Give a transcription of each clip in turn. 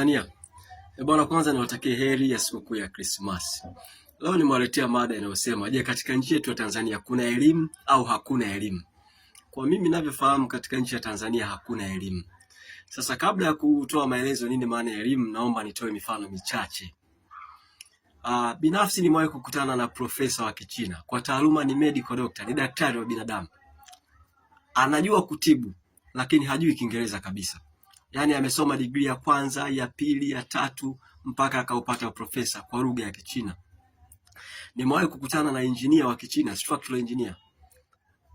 Tanzania. E bwana, kwanza niwatakie heri ya sikukuu ya Christmas. Leo nimewaletea mada inayosema, je, katika nchi yetu ya Tanzania kuna elimu au hakuna elimu? Kwa mimi ninavyofahamu, katika nchi ya Tanzania hakuna elimu. Sasa kabla ya kutoa maelezo nini maana ya elimu, naomba nitoe mifano michache. Uh, binafsi nimewahi kukutana na profesa wa Kichina, kwa taaluma ni medical doctor, ni daktari wa binadamu, anajua kutibu lakini hajui Kiingereza kabisa yaani amesoma digrii ya kwanza, ya pili, ya tatu mpaka akaupata profesa kwa lugha ya Kichina. Nimewahi kukutana na injinia wa Kichina, structural engineer.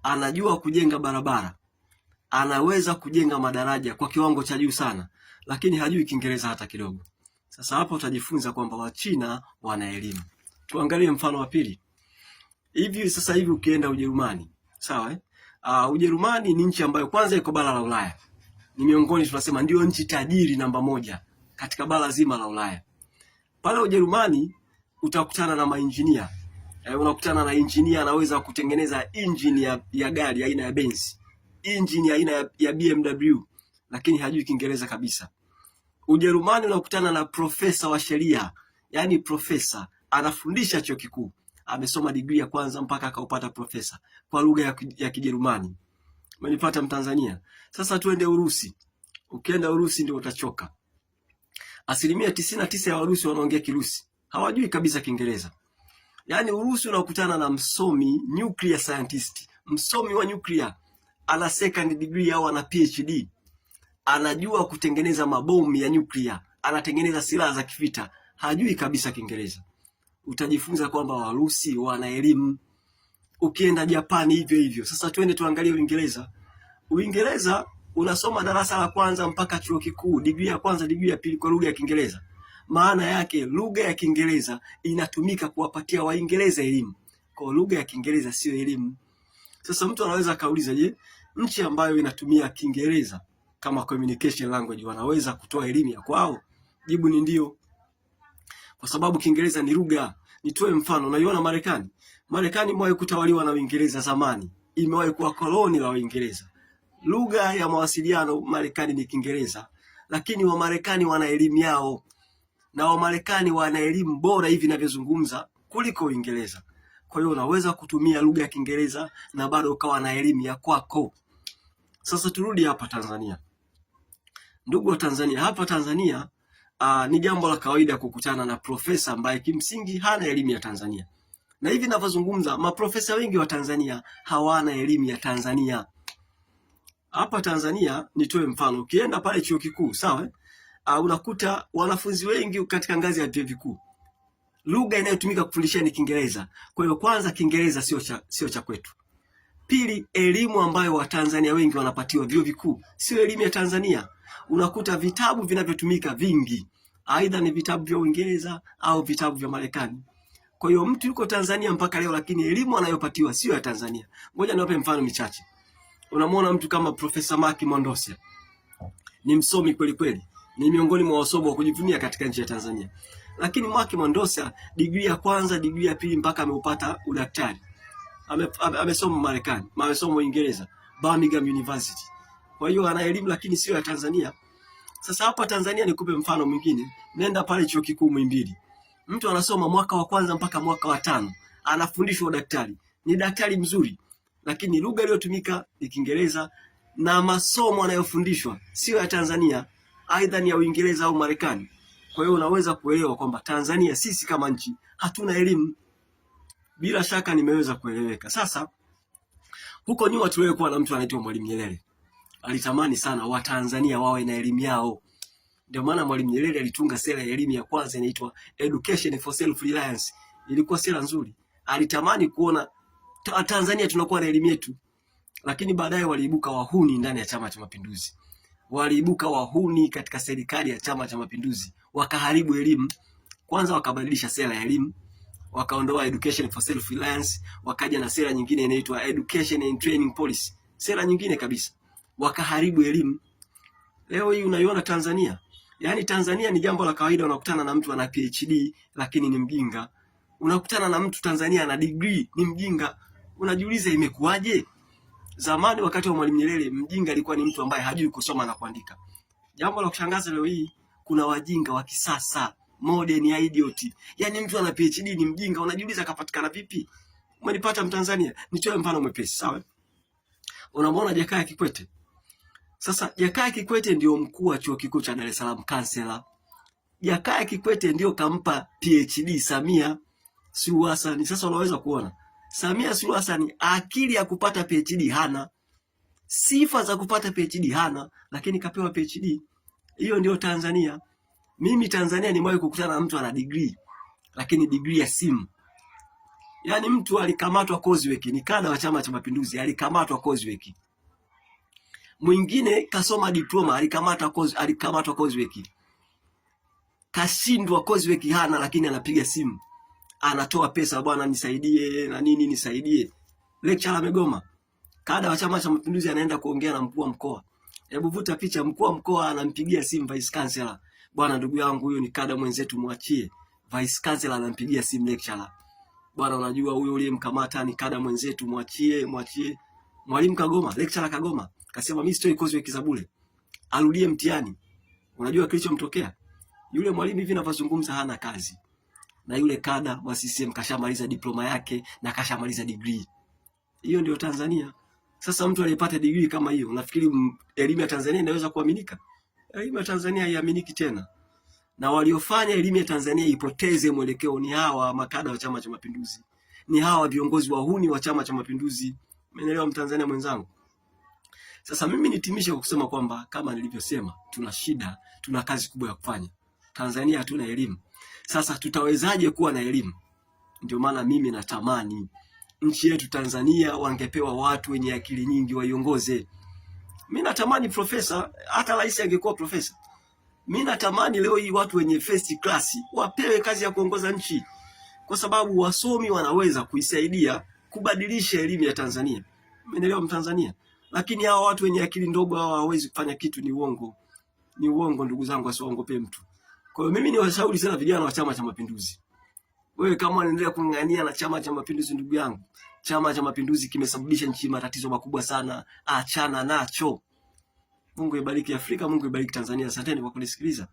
Anajua kujenga barabara, anaweza kujenga madaraja kwa kiwango cha juu sana, lakini hajui Kiingereza hata kidogo. Sasa hapo utajifunza kwamba Wachina wana elimu. Tuangalie mfano wa pili. Hivi sasa hivi ukienda Ujerumani, sawa eh? Uh, Ujerumani ni nchi ambayo kwanza iko bara la Ulaya ni miongoni tunasema ndio nchi tajiri namba moja katika bara zima la Ulaya. Pale Ujerumani utakutana na mainjinia e, unakutana na injinia anaweza kutengeneza injini ya, ya gari aina ya Benz, injini aina ya, ya BMW lakini hajui Kiingereza kabisa. Ujerumani unakutana na profesa wa sheria, yani profesa anafundisha chuo kikuu, amesoma digrii ya kwanza mpaka akaupata profesa kwa lugha ya, ya Kijerumani. Umenipata Mtanzania? Sasa tuende Urusi. Ukienda Urusi ndio utachoka. Asilimia tisini na tisa ya Warusi wanaongea Kirusi, hawajui kabisa Kiingereza. Yaani Urusi unakutana na msomi nuclear scientist, msomi wa nuclear, ana second degree au ana PhD, anajua kutengeneza mabomu ya nuclear, anatengeneza silaha za kivita, hajui kabisa Kiingereza. Utajifunza kwamba Warusi wana elimu ukienda Japani hivyo hivyo. Sasa twende tuangalie Uingereza. Uingereza unasoma darasa la kwanza mpaka chuo kikuu, digrii ya kwanza, digrii ya pili kwa lugha ya Kiingereza. Maana yake lugha ya Kiingereza inatumika kuwapatia Waingereza elimu. Kwa lugha ya Kiingereza sio elimu. Sasa mtu anaweza kauliza je, nchi ambayo inatumia Kiingereza kama communication language wanaweza kutoa elimu ya kwao? Jibu ni ndio, kwa sababu Kiingereza ni lugha Nitoe mfano, unaiona Marekani. Marekani imewahi kutawaliwa na Uingereza zamani, imewahi kuwa koloni la Uingereza. Lugha ya mawasiliano Marekani ni Kiingereza, lakini Wamarekani wana elimu yao, na Wamarekani wana elimu bora hivi inavyozungumza kuliko Uingereza. Kwa hiyo unaweza kutumia lugha ya Kiingereza na bado ukawa na elimu ya kwako. Sasa turudi hapa Tanzania, ndugu wa Tanzania. Hapa Tanzania uh, ni jambo la kawaida kukutana na profesa ambaye kimsingi hana elimu ya Tanzania, na hivi ninavyozungumza, maprofesa wengi wa Tanzania hawana elimu ya Tanzania. Hapa Tanzania nitoe mfano, ukienda pale chuo kikuu sawa, uh, unakuta wanafunzi wengi katika ngazi ya vyuo vikuu lugha inayotumika kufundishia ni Kiingereza. Kwa hiyo kwanza, Kiingereza sio cha sio cha kwetu. Pili, elimu ambayo Watanzania wengi wanapatiwa vyuo vikuu sio elimu ya Tanzania. Unakuta vitabu vinavyotumika vingi, aidha ni vitabu vya Uingereza au vitabu vya Marekani. Kwa hiyo mtu yuko Tanzania mpaka leo, lakini elimu anayopatiwa sio ya Tanzania. Ngoja niwape mfano michache. Unamwona mtu kama Profesa Mark Mondosya, ni msomi kweli kweli, ni miongoni mwa wasomi wa kujivunia katika nchi ya Tanzania, lakini Mark Mondosya digrii ya kwanza, digrii ya pili mpaka ameupata udaktari amesoma Marekani, amesoma Uingereza, Birmingham University. Kwa hiyo ana elimu lakini sio ya Tanzania. Sasa hapa Tanzania nikupe mfano mwingine. Nenda pale chuo kikuu Muhimbili. Mtu anasoma mwaka wa kwanza mpaka mwaka wa tano, anafundishwa daktari. Ni daktari mzuri, lakini lugha iliyotumika ni Kiingereza na masomo anayofundishwa sio ya Tanzania, aidha ni ya Uingereza au Marekani. Kwa hiyo unaweza kuelewa kwamba Tanzania sisi kama nchi hatuna elimu bila shaka nimeweza kueleweka. Sasa huko nyuma tuliwekuwa na mtu anaitwa Mwalimu Nyerere, alitamani sana Watanzania wawe na elimu yao. Ndio maana Mwalimu Nyerere alitunga sera ya elimu ya kwanza inaitwa Education for Self Reliance. Ilikuwa sera nzuri, alitamani kuona ta Tanzania tunakuwa na elimu yetu, lakini baadaye waliibuka wahuni ndani ya Chama cha Mapinduzi, waliibuka wahuni katika serikali ya Chama cha Mapinduzi, wakaharibu elimu. Kwanza wakabadilisha sera ya elimu wakaondoa education for self reliance, wakaja na sera nyingine inaitwa education and training policy, sera nyingine kabisa, wakaharibu elimu. Leo hii unaiona Tanzania, yani Tanzania ni jambo la kawaida, unakutana na mtu ana PhD lakini ni mjinga, unakutana na mtu Tanzania ana degree ni mjinga. Unajiuliza imekuwaje? Zamani wakati wa Mwalimu Nyerere, mjinga alikuwa ni mtu ambaye hajui kusoma na kuandika. Jambo la kushangaza leo hii kuna wajinga wa kisasa modern ya idiot. Yaani mtu ana PhD ni mjinga, unajiuliza kapatikana vipi? Umenipata Mtanzania? Nitoe mfano mwepesi, sawa? Unamwona Jakaya Kikwete. Sasa Jakaya Kikwete ndio mkuu wa chuo kikuu cha Dar es Salaam, kansela. Jakaya Kikwete ndio kampa PhD Samia Suluhu Hassan. Sasa unaweza kuona Samia Suluhu Hassan akili ya kupata PhD hana, sifa za kupata PhD hana, lakini kapewa PhD. Hiyo ndio Tanzania. Mimi Tanzania nimewahi kukutana na mtu ana degree lakini degree ya simu. Yaani mtu alikamatwa Kozweki, ni kada wa Chama cha Mapinduzi, alikamatwa Kozweki. Mwingine kasoma diploma, alikamatwa Koz, alikamatwa Kozweki. Kashindwa Kozweki hana, lakini anapiga simu. Anatoa pesa, bwana nisaidie na nini nisaidie. Lecture amegoma. Kada wa Chama cha Mapinduzi anaenda kuongea na mkuu wa mkoa. Hebu vuta picha, mkuu wa mkoa anampigia simu vice chancellor bwana, ndugu yangu, huyo ni kada mwenzetu, mwachie. Vice chancellor anampigia simu lecturer, bwana, unajua huyo uliyemkamata ni kada mwenzetu, mwachie, mwachie. Mwalimu Kagoma, lecturer Kagoma kasema mimi sitoi kozi wiki za bure, arudie mtihani. Unajua kilichomtokea yule mwalimu, hivi ninavyozungumza hana kazi, na yule kada wa CCM kashamaliza diploma yake na kashamaliza degree. Hiyo ndio Tanzania. Sasa mtu aliyepata degree kama hiyo, unafikiri elimu ya Tanzania inaweza kuaminika? elimu ya Tanzania haiaminiki tena, na waliofanya elimu ya Tanzania ipoteze mwelekeo ni hawa makada wa Chama cha Mapinduzi, ni hawa viongozi wahuni wa Chama cha Mapinduzi. Umeelewa mtanzania mwenzangu? Sasa mimi nitimishe kwa kusema kwamba kama nilivyosema, tuna shida, tuna kazi kubwa ya kufanya. Tanzania hatuna elimu. Sasa tutawezaje kuwa na elimu? Ndio maana mimi natamani nchi yetu Tanzania wangepewa watu wenye akili nyingi waiongoze. Mi natamani profesa, hata rais angekuwa profesa. Mi natamani leo hii watu wenye first class wapewe kazi ya kuongoza nchi, kwa sababu wasomi wanaweza kuisaidia kubadilisha elimu ya Tanzania. Umeelewa Mtanzania? Lakini hawa watu wenye akili ndogo hawa hawawezi kufanya kitu, ni uongo, ni uongo ndugu zangu, asiwaongope mtu. Kwa hiyo mimi ni washauri sana vijana wa Chama cha Mapinduzi, wewe kama unaendelea kung'ang'ania na Chama cha Mapinduzi, ndugu yangu Chama cha Mapinduzi kimesababisha nchi matatizo makubwa sana, achana nacho. Mungu ibariki Afrika, Mungu ibariki Tanzania. Asanteni kwa kunisikiliza.